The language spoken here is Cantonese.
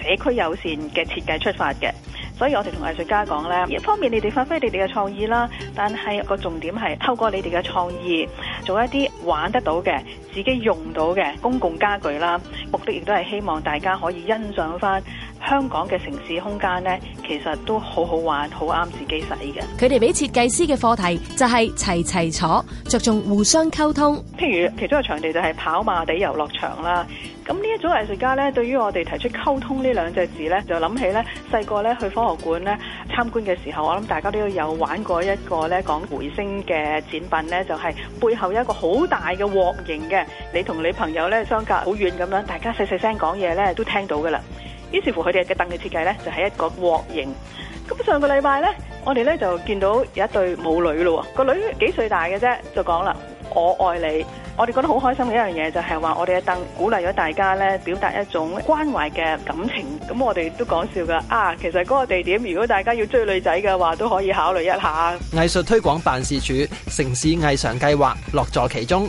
社區友善嘅設計出發嘅，所以我哋同藝術家講咧，一方面你哋發揮你哋嘅創意啦，但係個重點係透過你哋嘅創意做一啲玩得到嘅。自己用到嘅公共家具啦，目的亦都係希望大家可以欣賞翻香港嘅城市空間咧，其實都好好玩，好啱自己使嘅。佢哋俾設計師嘅課題就係齊齊坐，着重互相溝通。譬如其中一個場地就係跑馬地遊樂場啦。咁呢一組藝術家咧，對於我哋提出溝通呢兩隻字咧，就諗起咧細個咧去科學館咧參觀嘅時候，我諗大家都有玩過一個咧講回聲嘅展品咧，就係、是、背後有一個好大嘅鑊型嘅。你同你朋友咧相隔好遠咁樣，大家細細聲講嘢咧都聽到噶啦。於是乎，佢哋嘅凳嘅設計咧就係一個鑊形。咁上個禮拜咧，我哋咧就見到有一對母女咯。個女幾歲大嘅啫，就講啦，我愛你。我哋覺得好開心嘅一樣嘢，就係話我哋嘅凳鼓勵咗大家咧表達一種關懷嘅感情。咁我哋都講笑噶啊，其實嗰個地點如果大家要追女仔嘅話，都可以考慮一下藝術推廣辦事處城市藝裳計劃樂在其中。